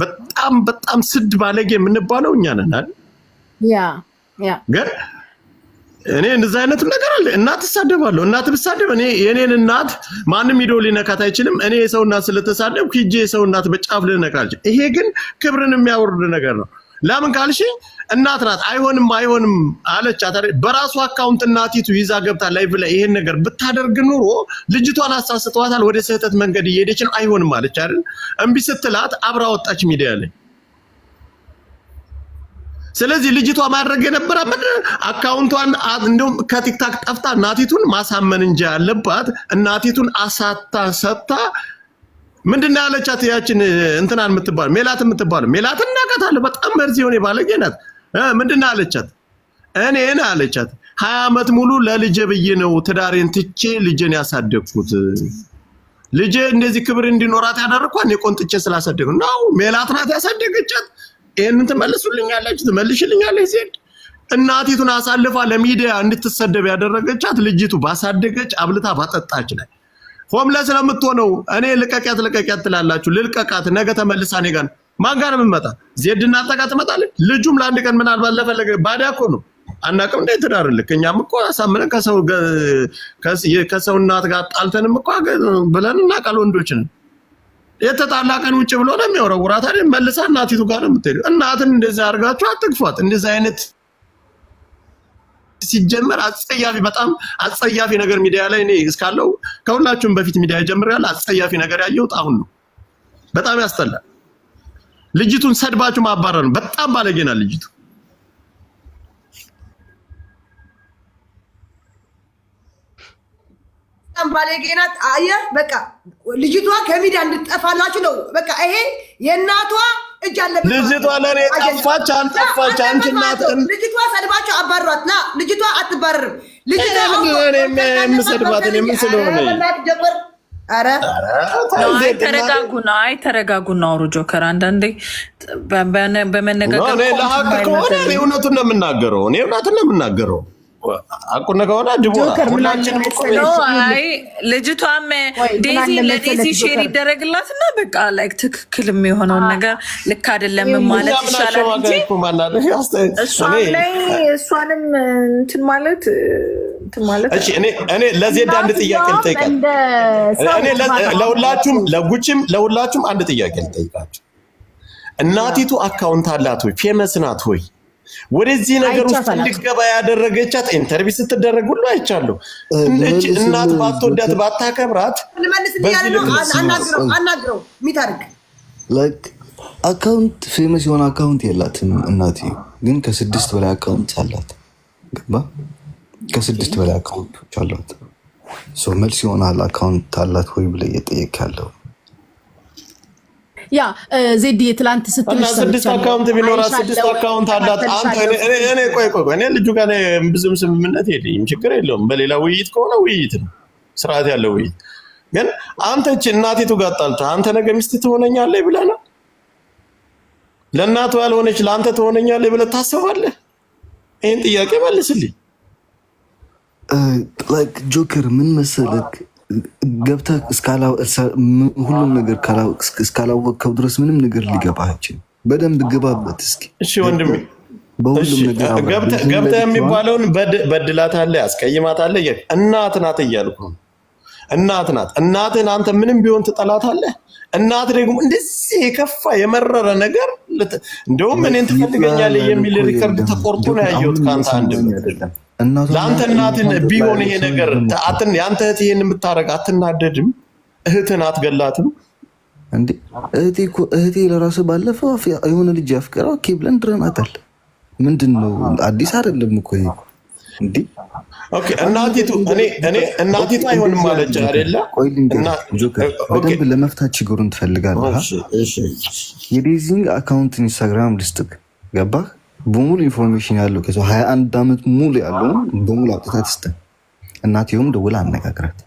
በጣም በጣም ስድ ባለጌ የምንባለው እኛ ነን አይደል? ያ ያ ግን እኔ እንደዛ አይነትም ነገር አለ። እናት እሳደባለሁ። እናት ብሳደብ እኔ የኔን እናት ማንም ሂዶ ሊነካት አይችልም። እኔ የሰው እናት ስለተሳደብኩ ሂጄ የሰው እናት በጫፍ ልነካ ይሄ ግን ክብርን የሚያወርድ ነገር ነው። ለምን ካልሽ እናት ናት። አይሆንም አይሆንም አለች። በራሱ አካውንት እናቲቱ ይዛ ገብታ ላይቭ ላይ ይሄን ነገር ብታደርግ ኑሮ ልጅቷን አሳስተዋታል። ወደ ስህተት መንገድ እየሄደች ነው። አይሆንም አለች አይደል? እምቢ ስትላት አብራ ወጣች ሚዲያ ላይ። ስለዚህ ልጅቷ ማድረግ የነበረበት አካውንቷን እንደውም ከቲክታክ ጠፍታ እናቲቱን ማሳመን እንጂ ያለባት እናቲቱን አሳታ ሰጥታ ምንድን ነው ያለቻት? ያችን እንትናን የምትባል ሜላት የምትባል ሜላት እናውቃታለን። በጣም መርዚ የሆነ ባለጌ ናት። ምንድን ነው ያለቻት? እኔን አለቻት ሀያ ዓመት ሙሉ ለልጄ ብዬ ነው ትዳሬን ትቼ ልጄን ያሳደግኩት። ልጄ እንደዚህ ክብር እንዲኖራት ያደረኳን እኔ ቆንጥቼ ስላሳደግ ነው። ሜላት ናት ያሳደገቻት። ይህንን ትመልሱልኛላችሁ፣ ትመልሽልኛለች ዜድ እናቲቱን አሳልፋ ለሚዲያ እንድትሰደብ ያደረገቻት ልጅቱ ባሳደገች አብልታ ባጠጣች ላይ ሆምለስ ስለምትሆነው እኔ ልቀቂያት ልቀቂያት ትላላችሁ። ልልቀቃት ነገ ተመልሳ እኔ ጋር ማን ጋር ነው የምመጣ? ዜድ እና አጠቃ ትመጣለች። ልጁም ለአንድ ቀን ምናልባት ለፈለገ ባዳ እኮ ነው አናቅም እንደ ትዳር እኛም እኮ አሳምነን ከሰው እናት ጋር ጣልተንም እኮ ብለን እናቃል። ወንዶችን የተጣላ ቀን ውጭ ብሎ ነው የሚያወራው። ውራታ መልሳ እናቲቱ ጋር ነው የምትሄደው። እናትን እንደዚህ አድርጋችሁ አትግፏት። እንደዚህ አይነት ሲጀመር አጸያፊ በጣም አጸያፊ ነገር ሚዲያ ላይ እኔ እስካለው ከሁላችሁም በፊት ሚዲያ ጀምር አፀያፊ አጸያፊ ነገር ያየሁት አሁን ነው። በጣም ያስጠላል። ልጅቱን ሰድባችሁ ማባረር ነው። በጣም ባለጌና ልጅቱ በጣም ባለጌ ናት። አየህ በቃ ልጅቷ ከሚዲያ እንድጠፋላችሁ ነው። በቃ ይሄ የእናቷ እጅ አለበት። ልጅቷ ለእኔ ጠፋች አንጠፋች አንቺ እናት ልጅቷ ሰድባችሁ አባሯት። ና ልጅቷ አትባረርም። ልጅቷ የምሰድባት ምን ስለሆነ ጀበር ተረጋጉና አይ ተረጋጉና አውሩ ጆከር። አንዳንዴ በመነጋገር ለሀቅ ከሆነ እኔ እውነቱን ነው የምናገረው። እኔ እውነቱን ነው የምናገረው። አቁነ ከሆነ አይ ልጅቷም ዴዚ ለዴዚ ሼር ይደረግላት እና በቃ ላይክ ትክክል የሚሆነውን ነገር ልክ አይደለም ማለት ይሻላል እንጂ እሷንም እንትን ማለት እኔ ለዜድ አንድ ጥያቄ ልጠይቃል። ለሁላችሁም ለጉችም ለሁላችሁም አንድ ጥያቄ ልጠይቃቸው። እናቲቱ አካውንት አላት ወይ? ፌመስ ናት ወይ? ወደዚህ ነገር ውስጥ እንድገባ ያደረገቻት ኢንተርቪው ስትደረግ ሁሉ አይቻለሁ። እች እናት ባትወዳት ባታከብራት አካውንት ፌመስ የሆነ አካውንት የላትም እናት፣ ግን ከስድስት በላይ አካውንት አላት። ገባ ከስድስት በላይ አካውንቶች አሏት። መልስ ይሆናል አካውንት አላት ወይ ብለ እየጠየቅ ያለው ያ ዜድዬ ትላንት ስትልሽ ስድስት አካውንት ቢኖራት ስድስት አካውንት አላት። እኔ ቆይ ቆይ ቆይ እኔ ልጁ ጋር ብዙም ስምምነት የለኝም። ችግር የለውም። በሌላ ውይይት ከሆነ ውይይት ነው፣ ስርዓት ያለው ውይይት። ግን አንተ እናቴቱ እናቲቱ ጋር ጣልተህ አንተ ነገ ሚስት ትሆነኛለህ ብለህ ነው ለእናቱ ያልሆነች ለአንተ ትሆነኛለህ ብለህ ታስባለህ? ይህን ጥያቄ መልስልኝ። ጆከር ምን መሰለህ ገብተህ ሁሉም ነገር እስካላወቅከው ድረስ ምንም ነገር ሊገባ አይችልም። በደንብ ግባበት እስኪ። እሺ ወንድሜ፣ በሁሉም ነገር ገብተህ የሚባለውን በድላታለህ፣ አስቀይማታለህ። እናት ናት እያልኩ እናት ናት። እናትህን አንተ ምንም ቢሆን ትጠላታለህ። እናት ደግሞ እንደዚህ የከፋ የመረረ ነገር እንደውም እኔን ትፈልገኛለህ የሚል ሪከርድ ተቆርጦ ነው ያየሁት ከአንተ አንድ ለአንተ እናትን ቢሆን ይሄ ነገር የአንተ እህት ይሄን የምታደርግ አትናደድም? እህትን አትገላትም? እንዴ እህቴ እኮ እህቴ ለራሱ ባለፈው የሆነ ልጅ አፍቅራ ኦኬ ብለን ድረናታል። ምንድን ነው አዲስ አይደለም እኮ ይሄ። እንዴ ኦኬ እናቲቱ እናቲቱ አይሆንም ማለች አይደለ? ለመፍታት ችግሩን ትፈልጋለህ። የዴዚንግ አካውንት ኢንስታግራም ልስጥክ ገባህ? በሙሉ ኢንፎርሜሽን ያለው ከሰው ሀያ አንድ ዓመት ሙሉ ያለውን በሙሉ አውጥታ ትስጠ። እናትየውም ደውላ አነጋግራት።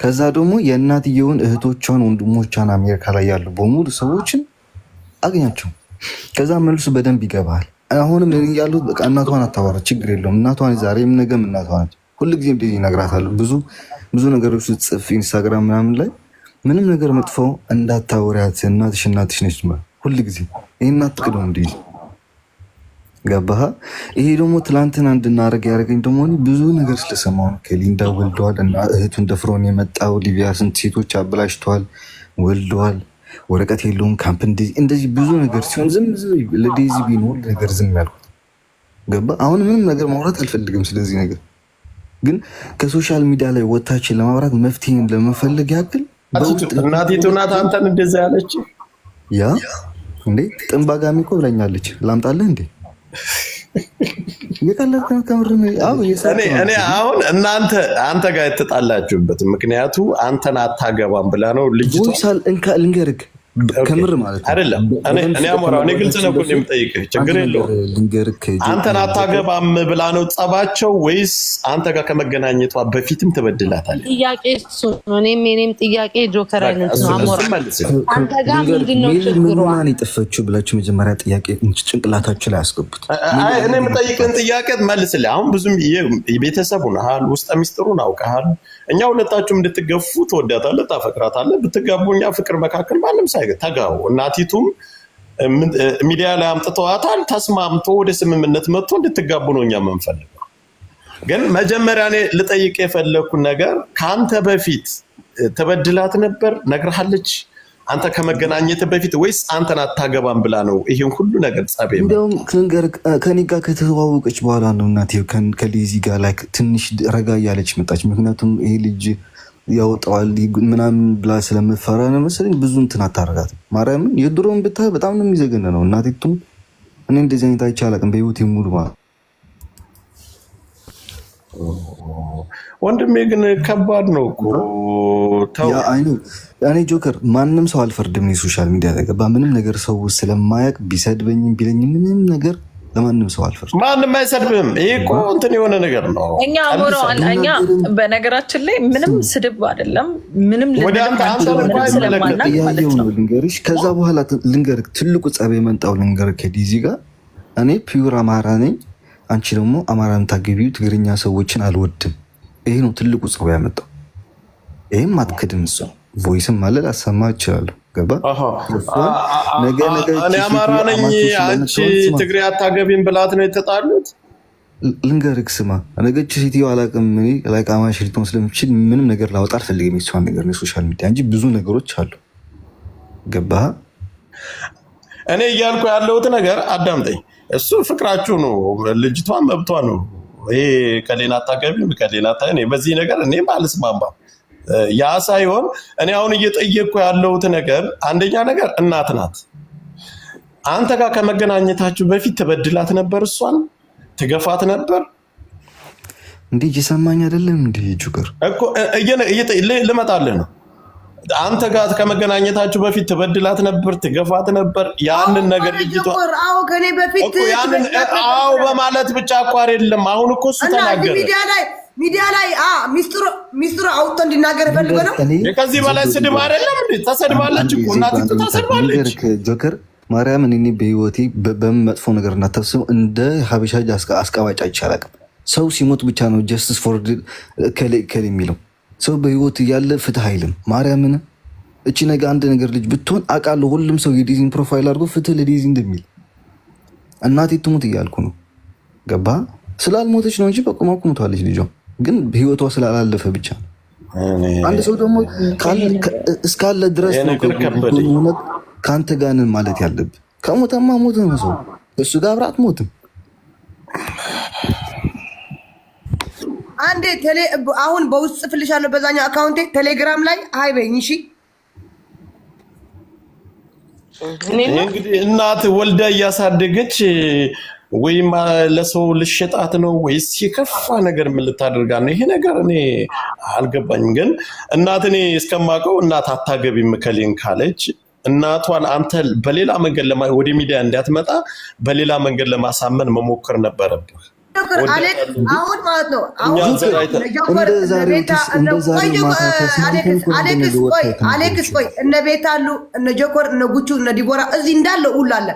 ከዛ ደግሞ የእናትየውን እህቶቿን፣ ወንድሞቿን አሜሪካ ላይ ያሉ በሙሉ ሰዎችን አገኛቸው። ከዛ መልሱ በደንብ ይገባል። አሁንም ያሉት በቃ እናቷን አታወራት፣ ችግር የለውም እናቷን፣ ዛሬም ነገም እናቷን ናት። ሁልጊዜም እንደዚህ ይነግራታሉ። ብዙ ብዙ ነገሮች ስትጽፍ ኢንስታግራም ምናምን ላይ ምንም ነገር መጥፎ እንዳታወሪያት፣ እናትሽ እናትሽ ነች ሁልጊዜ። ይህን አትክደው እንዲል ገባህ? ይሄ ደግሞ ትላንትን እንድናደርግ ያደረገኝ ደግሞ ብዙ ነገር ስለሰማሁ ነው። ከሊንዳ ወልደዋል እና እህቱን ደፍሮን የመጣው ሊቢያ ስንት ሴቶች አበላሽተዋል፣ ወልደዋል፣ ወረቀት የለውም ካምፕ እንደዚህ ብዙ ነገር ሲሆን ዝም ለዴዚ ቢኖር ነገር ዝም ያልኩት ገባህ? አሁን ምንም ነገር ማውራት አልፈልግም ስለዚህ ነገር ግን ከሶሻል ሚዲያ ላይ ወታችን ለማብራት መፍትሄን ለመፈለግ ያክል እናቴቱ ናት አንተን እንደዛ ያለች ያ እንዴ ጥንባጋሚ እኮ ብላኛለች። እንዴ የቀለድከው ከምር እኔ አሁን እናንተ አንተ ጋር የተጣላችሁበት ምክንያቱ አንተን አታገባም ብላ ነው ልጅ ልንገርግ ከምር ማለት አይደለም። እኔ አሞራው እኔ ግልጽ ነው የምጠይቅህ፣ ችግር የለውም። አንተን አታገባም ብላ ነው ጸባቸው ወይስ አንተ ጋር ከመገናኘቷ በፊትም ትበድላታለህ? ጥያቄ እሱ ነው። እኔም ጥያቄ ጆከር አይነት ነው። አሞራ አንተ ጋር ምንድን ነው የጠፈችው ብላችሁ መጀመሪያ ጥያቄ ጭንቅላታችሁ ላይ አስገቡት። እኔ የምጠይቅህን ጥያቄ መልስልህ። አሁን ብዙም ቤተሰቡን ሚስጥሩን አውቀሃል። እኛ ሁለታችሁም እንድትገፉ ትወዳታለህ፣ ታፈቅራታለህ። ብትጋቡ እኛ ፍቅር መካከል ማንም ተጋው እናቲቱም ሚዲያ ላይ አምጥተዋታል። ተስማምቶ ወደ ስምምነት መጥቶ እንድትጋቡ ነው እኛ የምንፈልገው። ግን መጀመሪያ እኔ ልጠይቅ የፈለግኩን ነገር ከአንተ በፊት ተበድላት ነበር ነግርሃለች? አንተ ከመገናኘት በፊት ወይስ አንተን አታገባም ብላ ነው ይህን ሁሉ ነገር ጸቤ? እንዲያውም ነገር ከኔ ጋር ከተዋወቀች በኋላ ነው እናቴ ከሊዚ ጋር ላይ ትንሽ ረጋ እያለች መጣች። ምክንያቱም ይሄ ልጅ ያወጣዋል ምናምን ብላ ስለምፈራ ነው መሰለኝ ብዙ እንትን አታረጋት። ማርያምን የድሮውን ብታይ በጣም ነው የሚዘገነ ነው። እናቴቱም እኔ እንደዚህ አይነት አይቼ አላውቅም በህይወት ሙሉ ወንድሜ ግን ከባድ ነው እኮ እኔ ጆከር ማንም ሰው አልፈርድም። የሶሻል ሚዲያ ላይ ምንም ነገር ሰው ስለማያውቅ ቢሰድበኝም ቢለኝ ምንም ነገር ለማንም ሰው አልፈርድም። ማንም አይሰድብም። ይህ እኮ እንትን የሆነ ነገር ነው። እኛ ሆኖ እኛ በነገራችን ላይ ምንም ስድብ አይደለም። ምንም ያየው ነው ልንገርሽ። ከዛ በኋላ ልንገርህ፣ ትልቁ ጸብ የመጣው ልንገርህ፣ ከዲዚ ጋር እኔ ፒዩር አማራ ነኝ፣ አንቺ ደግሞ አማራን ታገቢው ትግርኛ ሰዎችን አልወድም። ይሄ ነው ትልቁ ጸብ ያመጣው። ይህም አትክድም፣ ሰው ቮይስም ማለት አሰማ ይችላሉ ገባ እኔ አማራ ነኝ አንቺ ትግሬ አታገቢም ብላት ነው የተጣሉት። ልንገርህ ስማ፣ ነገች ሴትዮ ላይ ልትሆን ስለምችል ምንም ነገር ላወጣ አልፈልግም። ነገር ሶሻል ሚዲያ እንጂ ብዙ ነገሮች አሉ። ገባ እኔ እያልኩ ያለሁት ነገር አዳምጠኝ። እሱ ፍቅራችሁ ነው፣ መብቷ ነው። ይሄ አታገቢም በዚህ ነገር እኔም አልስማማም። ያ ሳይሆን እኔ አሁን እየጠየቅኩ ያለሁት ነገር አንደኛ ነገር እናት ናት። አንተ ጋር ከመገናኘታችሁ በፊት ትበድላት ነበር? እሷን ትገፋት ነበር? እንዲህ እየሰማኝ አይደለም። እንዲ ጁገር ልመጣልህ ነው። አንተ ጋር ከመገናኘታችሁ በፊት ትበድላት ነበር? ትገፋት ነበር? ያንን ነገር ልጅቷ በማለት ብቻ አኳር የለም። አሁን እኮ እሱ ተናገረ። ሚዲያ ላይ ሚስጥሩ አውጥቶ እንዲናገር ፈልገ ነው። ከዚህ በላይ ስድብ አይደለም። ተሰድባለች እኮ እናቲቱ ተሰድባለች። ጆከር ማርያምን እኔ በህይወቴ በምን መጥፎ ነገር እናተብስም እንደ ሀበሻ አስቀባጫ አይቻላቅም። ሰው ሲሞት ብቻ ነው ጀስትስ ፎርድ ከል የሚለው ሰው በህይወት እያለ ፍትህ አይልም። ማርያምን እቺ ነገ አንድ ነገር ልጅ ብትሆን አውቃለሁ። ሁሉም ሰው የዲዚን ፕሮፋይል አድርጎ ፍትህ ለዲዚ እንደሚል እናቴ ትሙት እያልኩ ነው። ገባ ስላልሞተች ነው እንጂ በቁማ ቁምቷለች ልጇ ግን ህይወቷ ስላላለፈ ብቻ ነው። አንድ ሰው ደግሞ እስካለ ድረስ ከአንተ ጋንን ማለት ያለብ። ከሞተማ ሞት ነው። ሰው እሱ ጋር አብረህ ሞትም አንዴ ቴሌ አሁን በውስጥ ጽፍልሻለሁ በዛኛው አካውንቴ ቴሌግራም ላይ ሀይ በይኝ እሺ። እናት ወልዳ እያሳደገች ወይም ለሰው ልሸጣት ነው ወይስ የከፋ ነገር ምን ልታደርጋት ነው? ይሄ ነገር እኔ አልገባኝም። ግን እናት እኔ እስከማውቀው እናት አታገቢም እከሌን ካለች እናቷን አንተ በሌላ መንገድ ወደ ሚዲያ እንዳትመጣ በሌላ መንገድ ለማሳመን መሞከር ነበረብህ። አሁን አሌክስ ቆይ፣ እነ ቤት አሉ እነ ጆኮር እነ ጉቹ እነ ዲቦራ እዚህ እንዳለ ሁሉ አለ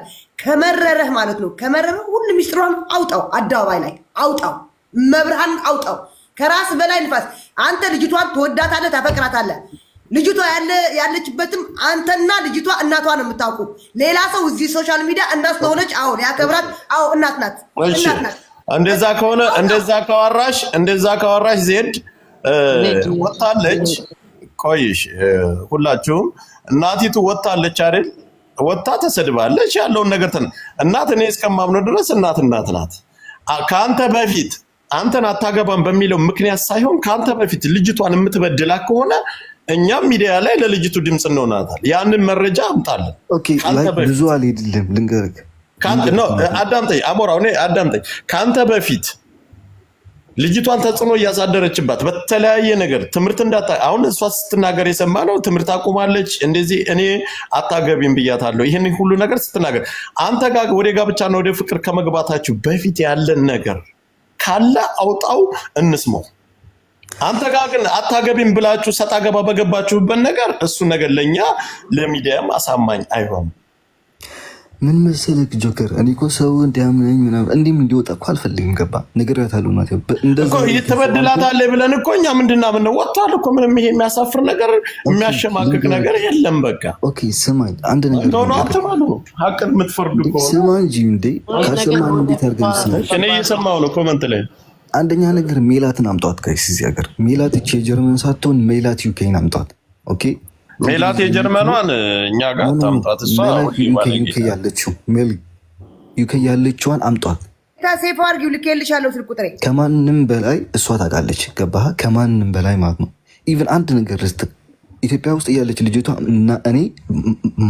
ከመረረህ ማለት ነው። ከመረረህ ሁሉ ሚስጥሯን አውጣው፣ አደባባይ ላይ አውጣው፣ መብርሃን አውጣው፣ ከራስ በላይ ንፋስ። አንተ ልጅቷን ትወዳታለህ፣ ታፈቅራታለህ። ልጅቷ ያለችበትም አንተና ልጅቷ እናቷ ነው የምታውቁ። ሌላ ሰው እዚህ ሶሻል ሚዲያ እናት ስለሆነች አዎ ያከብራት፣ አዎ እናት ናት፣ እናት ናት። እንደዛ ከሆነ እንደዛ ካወራሽ እንደዛ ካወራሽ ዜድ ወጣለች። ቆይሽ ሁላችሁም እናቲቱ ወጣለች አይደል? ወጥታ ተሰድባለች። ያለውን ነገር እናት እኔ እስከማምነው ድረስ እናት እናት ናት። ከአንተ በፊት አንተን አታገባም በሚለው ምክንያት ሳይሆን ከአንተ በፊት ልጅቷን የምትበድላ ከሆነ እኛም ሚዲያ ላይ ለልጅቱ ድምፅ እንሆናታል። ያንን መረጃ አምጣለን። ብዙ አልሄድልም ልንገርህ። አዳምጠኝ አሞራው፣ አዳምጠኝ ከአንተ በፊት ልጅቷን ተጽዕኖ እያሳደረችባት በተለያየ ነገር ትምህርት እንዳታ አሁን እሷ ስትናገር የሰማ ነው። ትምህርት አቁማለች እንደዚህ እኔ አታገቢም ብያታለሁ። ይህን ሁሉ ነገር ስትናገር አንተ ጋር ወደ ጋብቻና ወደ ፍቅር ከመግባታችሁ በፊት ያለን ነገር ካለ አውጣው እንስመው አንተ ጋር ግን አታገቢም ብላችሁ ሰጣ ገባ በገባችሁበት ነገር እሱ ነገር ለእኛ ለሚዲያም አሳማኝ አይሆንም። ምን መሰለክ ጆከር፣ እኔ እኮ ሰው እንዲያምነኝ ምናምን እንዲህም እንዲወጣ እኮ አልፈልግም። ገባ ነግሬያታለሁ። እናቴ ትበድላታለህ ብለን እኮ እኛ ምንድን ነው የምንለው? ወጥቷል እኮ ምንም ይሄ የሚያሳፍር ነገር የሚያሸማቅቅ ነገር የለም። በቃ ኦኬ፣ ስማኝ፣ አንድ ነገር እንደሆነ አትበሉ። ሀቅን የምትፈርዱ ስማ እንጂ እንዴ፣ ካሰማን እንዴት አድርገን ስናል። እኔ እየሰማሁ ነው ኮመንት ላይ አንደኛ ነገር ሜላትን አምጧት። ጋይስ እዚህ ሀገር ሜላት ይቺ ጀርመን ሳትሆን ሜላት ዩኬን አምጧት። ኦኬ ሜላት የጀርመኗን እኛ ጋር ታምጣት። እሷ ዩኬ ያለችው ሜል ዩኬ ያለችዋን አምጧት። ሴፎ አድርጊው ልኬልሻለሁ። ስልክ ቁጥሬ ከማንም በላይ እሷ ታውቃለች። ገባህ? ከማንም በላይ ማለት ነው። ኢቨን አንድ ነገር ርስት ኢትዮጵያ ውስጥ እያለች ልጅቷ እና እኔ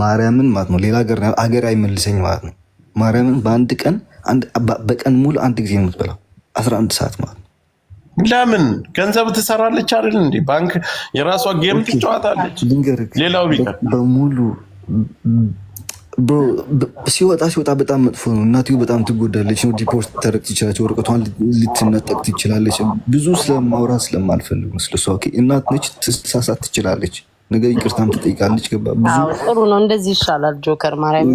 ማርያምን ማለት ነው ሌላ ሀገር አገር አይመልሰኝ ማለት ነው። ማርያምን በአንድ ቀን በቀን ሙሉ አንድ ጊዜ የምትበላው 11 ሰዓት ማለት ነው ለምን ገንዘብ ትሰራለች አይደል? እንዴ? ባንክ የራሷ ጌም ትጫወታለች። ሌላው ቢቀር በሙሉ ሲወጣ ሲወጣ በጣም መጥፎ ነው። እናትዬው በጣም ትጎዳለች ነው ዲፖርት ተረቅ ትችላለች። ወረቀቷን ልትነጠቅ ትችላለች። ብዙ ስለማውራት ስለማልፈልግ መስለ እናት ነች። ትሳሳት ትችላለች። ነገ ይቅርታም ትጠይቃለች። ገባ ጥሩ ነው። እንደዚህ ይሻላል። ጆከር ማርያም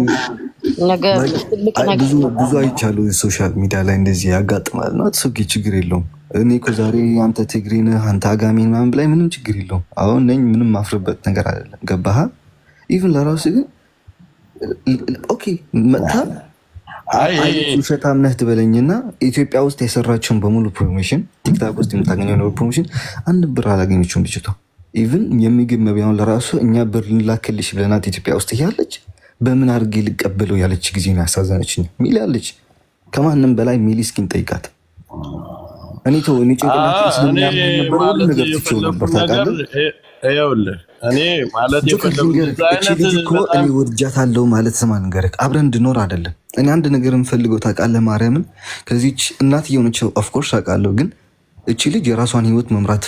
ብዙ አይቻሉ ሶሻል ሚዲያ ላይ እንደዚህ ያጋጥማል። ና ችግር የለውም እኔ እኮ ዛሬ አንተ ትግሬ ነህ አንተ አጋሜ ምናምን ብላይ ምንም ችግር የለውም። አሁን ነኝ ምንም ማፍርበት ነገር አይደለም። ገባሃ ኢቭን ለራሱ ግን ኦኬ መታ ውሸታም ነህ ትበለኝና ኢትዮጵያ ውስጥ የሰራችውን በሙሉ ፕሮሞሽን ቲክታክ ውስጥ የምታገኘው ፕሮሞሽን አንድ ብር አላገኘችውም ልጅቷ። ኢቭን የምግብ መቢያውን ለራሱ እኛ ብር ልንላክልሽ ብለናት ኢትዮጵያ ውስጥ እያለች በምን አድርጌ ልቀበለው ያለች ጊዜ ነው ያሳዘነችኝ። ሚል ያለች ከማንም በላይ ሚሊ እስኪን ጠይቃት እኔ ተው እኔ ጭንቅላት ነበር ታውቃለህ። ይኸውልህ እኔ ማለት እኮ እኔ ወድጃታለሁ ማለት ስማ ንገርህ፣ አብረን እንድኖር አይደለም እኔ አንድ ነገር የምፈልገው ታውቃለህ፣ ማርያምን ከዚች እናት እየሆነች ኦፍኮርስ አውቃለሁ፣ ግን እቺ ልጅ የራሷን ህይወት መምራት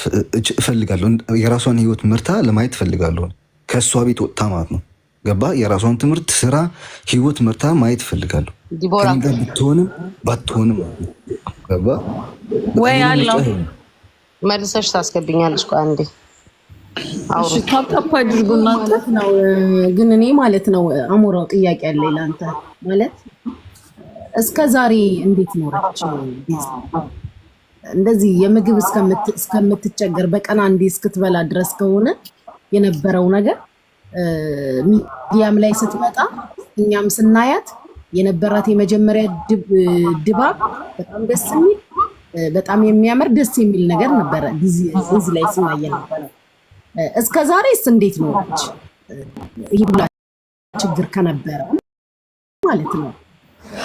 እፈልጋለሁ። የራሷን ህይወት ምርታ ለማየት እፈልጋለሁ፣ ከእሷ ቤት ወጥታ ማለት ነው። ገባ የራሷን ትምህርት፣ ስራ፣ ህይወት ምርታ ማየት እፈልጋለሁ። ከእኔ ጋር ብትሆንም ባትሆንም ወይ አለው መልሰሽ ታስገብኛለች። አንዴ ታፕታፕ አድርጉ ማለት ነው። ግን እኔ ማለት ነው አሞራው ጥያቄ አለኝ ለአንተ ማለት እስከ ዛሬ እንዴት ኖረች? እንደዚህ የምግብ እስከምትቸገር በቀን አንዴ እስክትበላ ድረስ ከሆነ የነበረው ነገር ሚዲያም ላይ ስትመጣ እኛም ስናያት የነበራት የመጀመሪያ ድባብ በጣም ደስ የሚል በጣም የሚያምር ደስ የሚል ነገር ነበረ። ዚ ላይ ስናየ ነበረ። እስከ ዛሬስ እንዴት ነች? ይህ ሁላ ችግር ከነበረ ማለት ነው።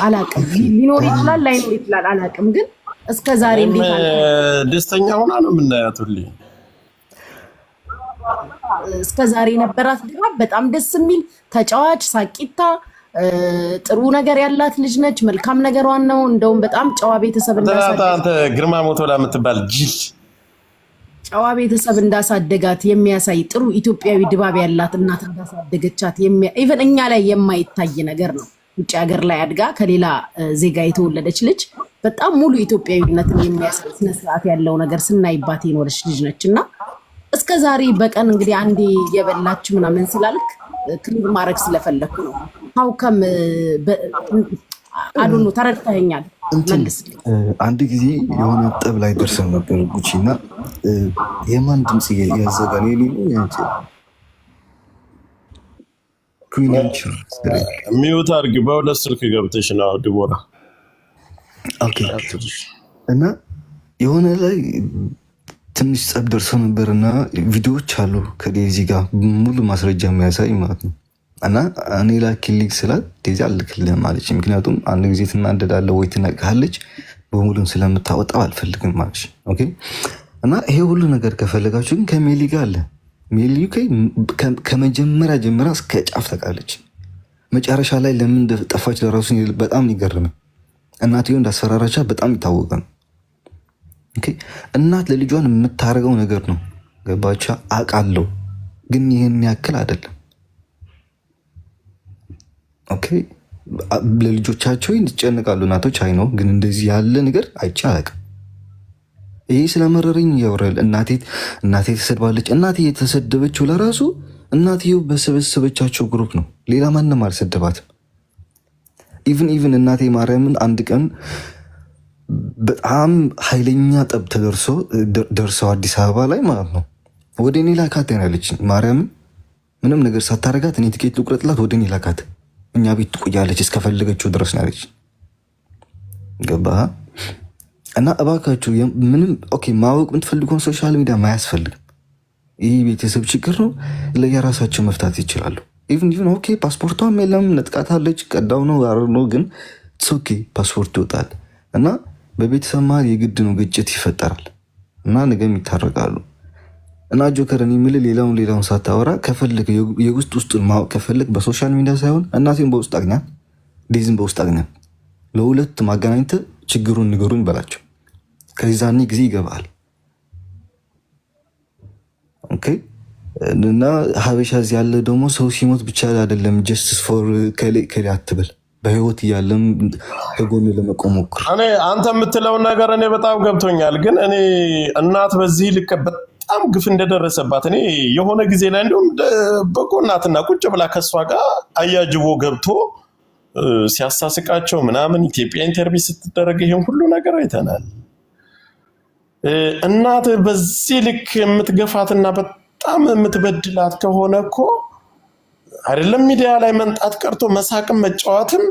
አላቅም ሊኖር ይችላል ላይኖር ይችላል አላቅም። ግን እስከ ዛሬ እንዴት ደስተኛ ሆና ነው የምናያት ሁሌ እስከ ዛሬ የነበራት ድባብ በጣም ደስ የሚል ተጫዋች ሳቂታ ጥሩ ነገር ያላት ልጅ ነች። መልካም ነገሯን ነው። እንደውም በጣም ጨዋ ቤተሰብ እንዳሳደጋት ግርማ ሞቶላ የምትባል ጅል ጨዋ ቤተሰብ እንዳሳደጋት የሚያሳይ ጥሩ ኢትዮጵያዊ ድባብ ያላት እናት እንዳሳደገቻት ኢቨን እኛ ላይ የማይታይ ነገር ነው። ውጭ ሀገር ላይ አድጋ ከሌላ ዜጋ የተወለደች ልጅ በጣም ሙሉ ኢትዮጵያዊነትን የሚያሳይ ስነስርዓት ያለው ነገር ስናይባት የኖረች ልጅ ነች እና እስከ ዛሬ በቀን እንግዲህ አንዴ የበላች ምናምን ስላልክ ክሊር ማድረግ ስለፈለግኩ ነው። ሀውከም አዶኖ ተረድተኸኛል። አንድ ጊዜ የሆነ ጠብ ላይ ደርሰን ነበር ጉቺ እና የማን ድምፅ ያዘጋል ሚዩት አድርጊ። በሁለት ስልክ ገብተሽ ነው ድቦራ እና የሆነ ላይ ትንሽ ጸብ ደርሶ ነበር እና ቪዲዮዎች አሉ ከዴዚ ጋር ሙሉ ማስረጃ የሚያሳይ ማለት ነው። እና እኔ ላኪልኝ ስላት ዴዚ አልክልህም አለች። ምክንያቱም አንድ ጊዜ ትናደዳለህ ወይ ትነቅሃለች፣ በሙሉን ስለምታወጣው አልፈልግም አለች። እና ይሄ ሁሉ ነገር ከፈለጋችሁ ግን ከሜሊ ጋር አለ። ሜሊ ከመጀመሪያ ጀምራ እስከ ጫፍ ታውቃለች። መጨረሻ ላይ ለምን ጠፋች ለራሱ በጣም ይገርም። እናትዮ እንዳስፈራራቻ በጣም ይታወቀ ነው። እናት ለልጇን የምታደርገው ነገር ነው። ገባቻ አውቃለሁ፣ ግን ይህን ያክል አይደለም። ኦኬ ለልጆቻቸው ይጨነቃሉ እናቶች፣ አይ ነው ግን እንደዚህ ያለ ነገር አይቼ አላውቅም። ይሄ ስለመረረኝ ያወራል። እናቴ እናቴ ተሰድባለች። እናቴ የተሰደበችው ለራሱ እናትየው በሰበሰበቻቸው ግሩፕ ነው። ሌላ ማንም አልሰደባትም። ኢቭን ኢቭን እናቴ ማርያምን አንድ ቀን በጣም ኃይለኛ ጠብ ተደርሶ ደርሰው አዲስ አበባ ላይ ማለት ነው። ወደ እኔ ላካት ያለች ማርያም ምንም ነገር ሳታረጋት እኔ ትኬት ልቁረጥላት ወደ እኔ ላካት። እኛ ቤት ትቆያለች እስከፈለገችው ድረስ ያለች። ገባ እና እባካችሁ ምንም ኦኬ፣ ማወቅ የምትፈልገውን ሶሻል ሚዲያ ማያስፈልግም። ይህ ቤተሰብ ችግር ነው፣ ለየራሳቸው መፍታት ይችላሉ። ኢቭን ኢቭን ኦኬ፣ ፓስፖርቷም የለም ነጥቃታለች፣ ቀዳው ነው ነው ግን ኦኬ፣ ፓስፖርት ይወጣል እና በቤተሰብ መሀል የግድ ነው ግጭት ይፈጠራል እና ነገም ይታረቃሉ። እና ጆከር እኔ የምልህ ሌላውን ሌላውን ሳታወራ ከፈለክ የውስጥ ውስጡን ማወቅ ከፈለክ በሶሻል ሚዲያ ሳይሆን እናቴን በውስጥ አግኛት፣ ዴዝን በውስጥ አግኛት። ለሁለት ማገናኝተ ችግሩን ንገሩኝ በላቸው። ከዛኔ ጊዜ ይገባል። ኦኬ እና ሀበሻ እዚህ ያለ ደግሞ ሰው ሲሞት ብቻ አይደለም ጀስትስ ፎር ከሌ ከሌ አትብል በህይወት እያለም ከጎን ለመቆም ሞክር። እኔ አንተ የምትለውን ነገር እኔ በጣም ገብቶኛል፣ ግን እኔ እናት በዚህ ልክ በጣም ግፍ እንደደረሰባት እኔ የሆነ ጊዜ ላይ እንዲሁም በጎ እናትና ቁጭ ብላ ከሷ ጋር አያጅቦ ገብቶ ሲያሳስቃቸው ምናምን ኢትዮጵያ ኢንተርቪው ስትደረግ ይህን ሁሉ ነገር አይተናል። እናት በዚህ ልክ የምትገፋትና በጣም የምትበድላት ከሆነ እኮ አይደለም ሚዲያ ላይ መንጣት ቀርቶ መሳቅም መጫወትም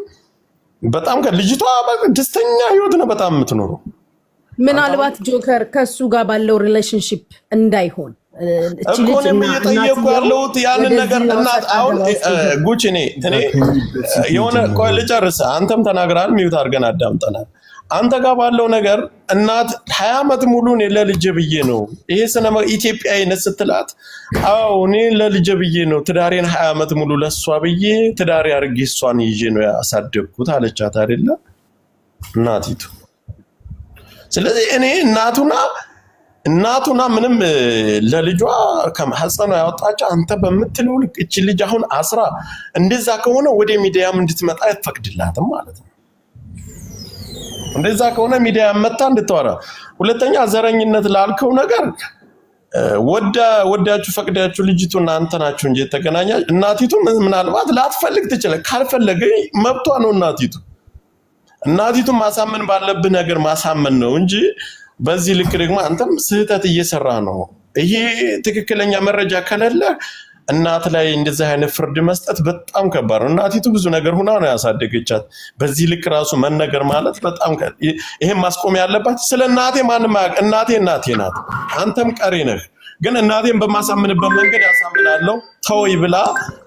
በጣም ልጅቷ ደስተኛ ህይወት ነው በጣም የምትኖረው። ምናልባት ጆከር ከሱ ጋር ባለው ሪሌሽንሽፕ እንዳይሆን እኮንም እየጠየቁ ያለሁት ያንን ነገር እናት አሁን ጉቺ እኔ የሆነ ቆይ ልጨርስ። አንተም ተናግረሃል፣ ሚዩት አድርገን አዳምጠናል። አንተ ጋር ባለው ነገር እናት ሀያ ዓመት ሙሉ እኔ ለልጄ ብዬ ነው ይሄ ስነ ኢትዮጵያዊነት ስትላት፣ አዎ እኔ ለልጄ ብዬ ነው ትዳሬን ሀያ ዓመት ሙሉ ለሷ ብዬ ትዳሬ አድርጌ እሷን ይዤ ነው ያሳደግኩት አለቻት አይደለ እናቲቱ። ስለዚህ እኔ እናቱና እናቱና ምንም ለልጇ ከማህፀኗ ያወጣች አንተ በምትለው ልክ እቺ ልጅ አሁን አስራ እንደዛ ከሆነ ወደ ሚዲያም እንድትመጣ አይፈቅድላትም ማለት ነው። እንደዛ ከሆነ ሚዲያ ያመጣ እንድታወራ። ሁለተኛ ዘረኝነት ላልከው ነገር ወዳችሁ ፈቅዳችሁ ልጅቱና አንተ ናችሁ እንጂ የተገናኛ እናቲቱ ምናልባት ላትፈልግ ትችላል። ካልፈለገ መብቷ ነው። እናቲቱ እናቲቱ ማሳመን ባለብህ ነገር ማሳመን ነው እንጂ በዚህ ልክ ደግሞ አንተም ስህተት እየሰራ ነው። ይሄ ትክክለኛ መረጃ ከሌለ እናት ላይ እንደዚህ አይነት ፍርድ መስጠት በጣም ከባድ ነው። እናቲቱ ብዙ ነገር ሁና ነው ያሳደገቻት። በዚህ ልክ ራሱ መነገር ማለት በጣም ይሄን ማስቆም ያለባት። ስለ እናቴ ማንም አያውቅም። እናቴ እናቴ ናት። አንተም ቀሪ ነህ። ግን እናቴን በማሳምንበት መንገድ ያሳምናለው ተወይ ብላ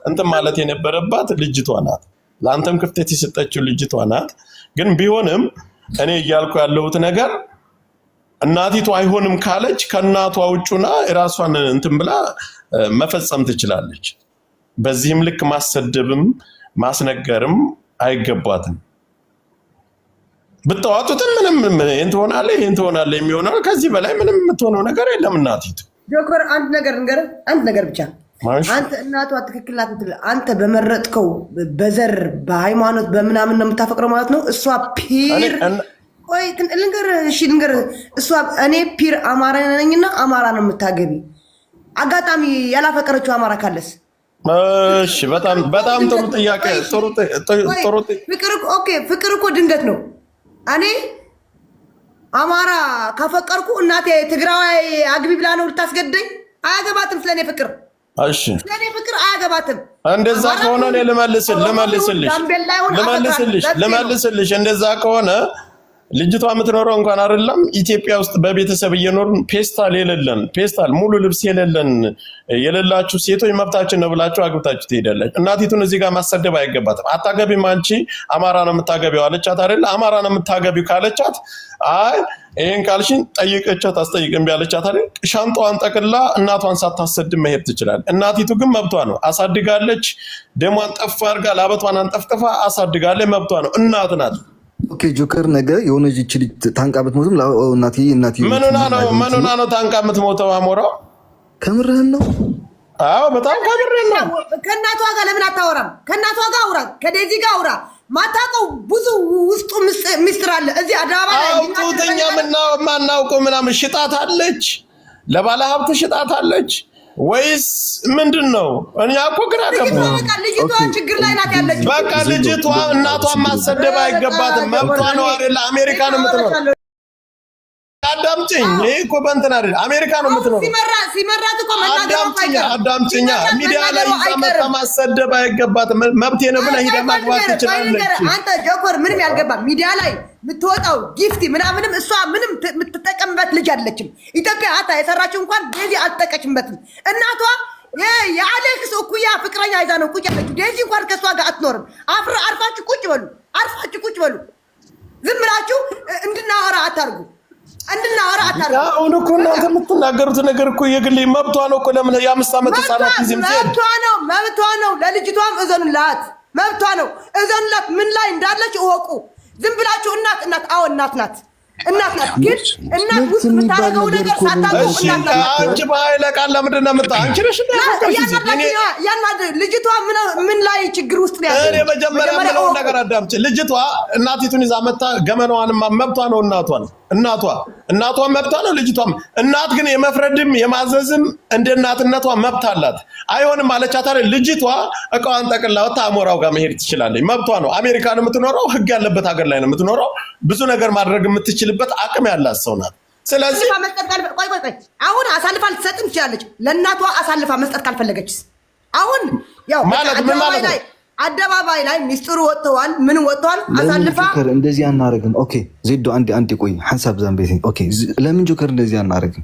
እንትን ማለት የነበረባት ልጅቷ ናት። ለአንተም ክፍተት የሰጠችው ልጅቷ ናት። ግን ቢሆንም እኔ እያልኩ ያለሁት ነገር እናቲቱ አይሆንም ካለች ከእናቷ ውጩና ራሷን እንትን ብላ መፈጸም ትችላለች። በዚህም ልክ ማሰደብም ማስነገርም አይገባትም። ብታዋጡትም ምንም ይህን ትሆናለ ይህን ትሆናለ የሚሆነው ከዚህ በላይ ምንም የምትሆነው ነገር የለም። እናቲቱ ዶክተር አንድ ነገር ንገር፣ አንድ ነገር ብቻ አንተ እናቷ ትክክል ናት እምትል አንተ በመረጥከው በዘር በሃይማኖት በምናምን ነው የምታፈቅረው ማለት ነው እሷ ፒር ቆይ ልንገር፣ እሺ ልንገር። እሷ እኔ ፒር አማራ ነኝና አማራ ነው የምታገቢ። አጋጣሚ ያላፈቀረችው አማራ ካለስ? እሺ፣ በጣም በጣም ጥሩ ጥያቄ። ጥሩ ጥሩ ፍቅር። ኦኬ፣ ፍቅር እኮ ድንገት ነው። እኔ አማራ ካፈቀርኩ እናቴ ትግራዋይ አግቢ ብላ ነው ልታስገደኝ? አያገባትም። ስለኔ ፍቅር እሺ ለኔ ፍቅር አያገባትም። እንደዛ ከሆነ እኔ ልመልስልሽ ልመልስልሽ ልመልስልሽ እንደዛ ከሆነ ልጅቷ የምትኖረው እንኳን አይደለም ኢትዮጵያ ውስጥ በቤተሰብ እየኖርን ፔስታል የሌለን ፔስታል ሙሉ ልብስ የሌለን የሌላችሁ ሴቶች መብታችን ነው ብላችሁ አግብታችሁ ትሄዳለች። እናቲቱን እዚህ ጋር ማሰደብ አይገባትም። አታገቢም፣ አንቺ አማራ ነው የምታገቢው አለቻት አይደለ? አማራ ነው የምታገቢው ካለቻት አይ ይህን ካልሽን ጠይቀቻት አስጠይቅም ቢያለቻት አይደል? ሻንጣዋን ጠቅላ እናቷን ሳታሰድብ መሄድ ትችላል። እናቲቱ ግን መብቷ ነው፣ አሳድጋለች። ደሟን ጠፍ አድርጋ ላበቷን አንጠፍጥፋ አሳድጋለች። መብቷ ነው፣ እናት ናት። ኦኬ ጆከር ነገ የሆነ እች ልጅ ታንቃ ብትሞትም እናትዬ እናትዬ ምኑና ነው ምኑና ነው ታንቃ የምትሞተው? አሞራው ከምርህን ነው? አዎ በጣም ከምርህን ነው። ከእናቷ ጋር ለምን አታወራም? ከእናቷ ጋር አውራ፣ ከዴዚ ጋር አውራ። ማታውቀው ብዙ ውስጡ ሚስጥር አለ። እዚህ አደባባይ ላይ ጡተኛ ምናው ማናውቀው ምናምን ሽጣት አለች፣ ለባለ ሀብት ሽጣት አለች። ወይስ ምንድን ነው? እኛ እኮ ግራ ገባ። ልጅቷ ችግር ላይ ናት ያለችው። በቃ ልጅቷ እናቷን ማሰደብ አይገባትም፣ መብቷ ነው አይደለ? አሜሪካ ነው የምትኖር አዳምጭኝ ይህ እኮ በእንትን አይደል፣ አሜሪካ ነው የምትኖር። ሲመራት እኮ አዳምጪኝ፣ አዳምጪኝ። ሚዲያ ላይ ይዛ መታ ማሰደብ አይገባትም። መብቴ ነው ብላ ሂዳ ማግባት ትችላለች። አንተ ጆኮር ምንም ያልገባ ሚዲያ ላይ የምትወጣው ጊፍቲ ምናምንም እሷ ምንም የምትጠቀምበት ልጅ አለችም። ኢትዮጵያ አታ የሰራችው እንኳን ዴዚ አልጠቀችበትም። እናቷ የአሌክስ እኩያ ፍቅረኛ ይዛ ነው ቁጭ ያለችው። ዴዚ እንኳን ከእሷ ጋር አትኖርም። አርፋችሁ ቁጭ በሉ፣ አርፋችሁ ቁጭ በሉ። ዝም ብላችሁ እንድናወራ አታርጉ፣ እንድናወራ አታርጉ። አሁን እኮ እናንተ የምትናገሩት ነገር እኮ የግሌ መብቷ ነው እኮ ለምን የአምስት ዓመት ህጻናት ጊዜም መብቷ ነው፣ መብቷ ነው። ለልጅቷም እዘኑላት፣ መብቷ ነው፣ እዘኑላት። ምን ላይ እንዳለች እወቁ። ዝም ብላችሁ እናት እናት፣ አዎ እናት ናት። እናት ልጅቷ ምን ላይ ችግር ውስጥ መጀመሪያ ነገር አዳምጪ። ልጅቷ እናቲቱን ይዛ መታ ገመናዋንማ መብቷ ነው። እናቷን እናቷ እናቷ መብቷ ነው። ልጅቷም እናት ግን የመፍረድም የማዘዝም እንደ እናትነቷ መብት አላት። አይሆንም አለቻት አይደል? ልጅቷ እቃዋን ጠቅላ ወታ አሞራው ጋር መሄድ ትችላለች። መብቷ ነው። አሜሪካን የምትኖረው ህግ ያለበት ሀገር ላይ ነው የምትኖረው። ብዙ ነገር ማድረግ የምትችል የምትችልበት አቅም ያላት ሰው ናት። ስለዚህ አሁን አሳልፋ ልትሰጥም ትችላለች። ለእናቷ አሳልፋ መስጠት ካልፈለገች አሁን ያው ማለት ምን ማለት ነው? አደባባይ ላይ ሚስጥሩ ወጥተዋል፣ ምን ወጥተዋል። አሳልፋ እንደዚህ አናደርግም። ኦኬ ዜዶ አንድ አንድ ቆይ ሀንሳብ ዛንቤት ኦኬ፣ ለምን ጆከር እንደዚህ አናደርግም?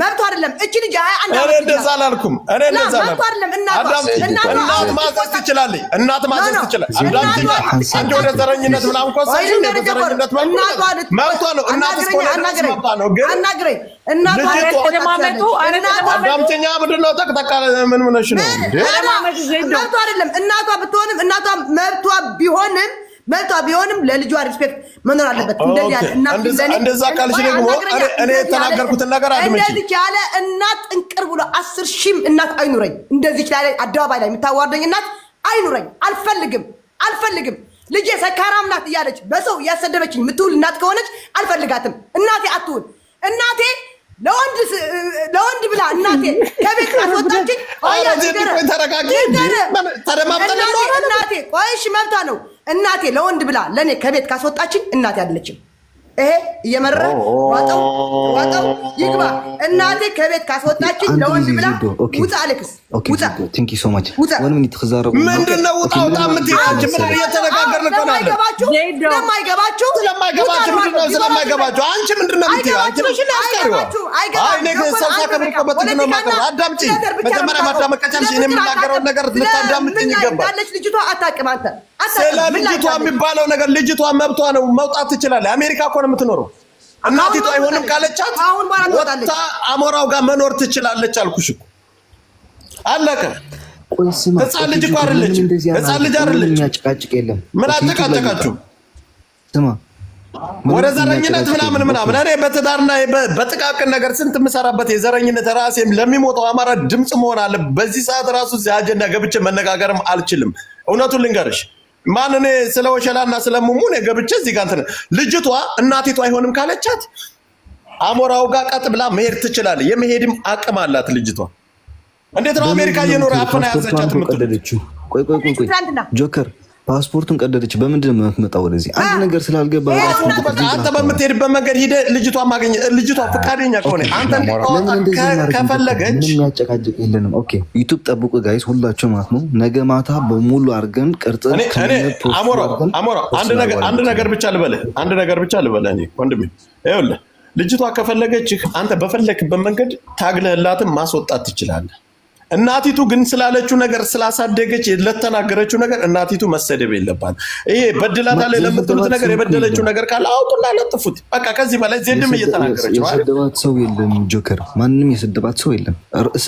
መብቱ አይደለም። እቺ ልጅ አንድ እኔ እንደዛ አላልኩም እኔ እንደዛ እናት ማዘዝ ትችላለች። እናት ማዘዝ ትችላለች። አንድ ወደ ዘረኝነት ምናምን ዘረኝነት መብቷ ነው። እናት ስኮላ ግን እናት አዳምተኛ ምንድን ነው ጠቅጠቃ ምን ምነሽ ነው መብቷ አይደለም። እናቷ ብትሆንም እናቷ መብቷ ቢሆንም መብቷ ቢሆንም ለልጇ ሪስፔክት መኖር አለበት። እንደዛ ካልሽ ደግሞ እኔ የተናገርኩትን ነገር እንደዚህ ያለ እናት እንቅር ብሎ አስር ሺህም እናት አይኑረኝ። እንደዚህ ያለ አደባባይ ላይ የምታዋርደኝ እናት አይኑረኝ። አልፈልግም፣ አልፈልግም። ልጄ ሰካራም ናት እያለች በሰው እያሰደበችኝ የምትውል እናት ከሆነች አልፈልጋትም። እናቴ አትውል እናቴ ለወንድ ብላ እናቴ ከቤት አስወጣችኝ። ተረጋጊ። ተደማምጠን እናቴ ቆይሽ መብቷ ነው እናቴ ለወንድ ብላ ለእኔ ከቤት ካስወጣችኝ እናቴ አለችም። ይሄ እየመረ ዋጠው ዋጠው ይግባ። እናቴ ከቤት ካስወጣችኝ ለወንድ ብላ ውጣ፣ አሌክስ ውጣ። ምንድን ነው ውጣ ውጣ ምን ነው ምንድን ነው ስለማይገባችሁ? አንቺ ምንድን ነው አንቺ ግን ሰው ነው መጀመሪያ፣ ከቻልሽ እኔ የምናገረውን ነገር ልታዳምጪኝ ይገባል። ልጅቷ አታውቅም አንተ ስለ ልጅቷ የሚባለው ነገር ልጅቷ መብቷ ነው፣ መውጣት ትችላለች። አሜሪካ እኮ ነው የምትኖረው። እናቲቷ አይሆንም ካለቻት ወጣ አሞራው ጋር መኖር ትችላለች። አልኩሽ እኮ አለቀ። ህፃን ልጅ እኮ አይደለች፣ ህፃን ልጅ አይደለች። ምን አጨቃጨቃችሁ? ወደ ዘረኝነት ምናምን ምናምን እኔ በትዳርና በጥቃቅን ነገር ስንት የምሰራበት የዘረኝነት ራሴም ለሚሞተው አማራ ድምፅ መሆን አለ። በዚህ ሰዓት ራሱ እዚህ አጀንዳ ገብቼ መነጋገርም አልችልም። እውነቱን ልንገርሽ ማን እኔ ስለ እና ስለ ሙሙ ነው ገብቼ እዚህ ጋር እንትን ልጅቷ እናቲቷ አይሆንም ካለቻት አሞራው ጋር ቀጥ ብላ መሄድ ትችላለ። የመሄድም አቅም አላት ልጅቷ። እንዴት ነው አሜሪካ እየኖረ አፈና ያዘቻት የምትለው? ቆይ ቆይ ቆይ ጆከር ፓስፖርቱን ቀደደች። በምንድን ነው የምትመጣው ወደዚህ? አንድ ነገር ስላልገባ አንተ በምትሄድበት መንገድ ሂደህ ልጅቷ ማገኘ ልጅቷ ፈቃደኛ ከሆነ አንተ ከፈለገች የሚያጨቃጭቅ የለንም። ኦኬ ዩቱብ ጠብቁ ጋይስ፣ ሁላቸው ማለት ነው። ነገ ማታ በሙሉ አድርገን ቅርጽ አንድ ነገር ብቻ ልበለ አንድ ነገር ብቻ ልበለ ወንድሜ፣ ይኸውልህ ልጅቷ ከፈለገችህ አንተ በፈለግበት መንገድ ታግለህላትን ማስወጣት ትችላለህ። እናቲቱ ግን ስላለችው ነገር ስላሳደገች ለተናገረችው ነገር እናቲቱ መሰደብ የለባት። ይሄ በድላታ ላይ ለምትሉት ነገር የበደለችው ነገር ካለ አውጡና ለጥፉት። በቃ ከዚህ በላይ ዜድም እየተናገረች የሰደባት ሰው የለም። ጆከር ማንም የሰደባት ሰው የለም።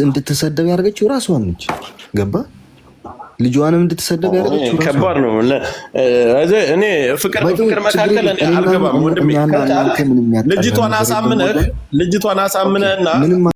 እንድትሰደብ ያደርገችው ራሷ ነች። ገባ ልጇንም እንድትሰደብ ያደረገችው ከባድ ነው። እኔ ፍቅር በፍቅር መካከል አልገባም ወንድሜ። ልጅቷን አሳምነህ ልጅቷን አሳምነህና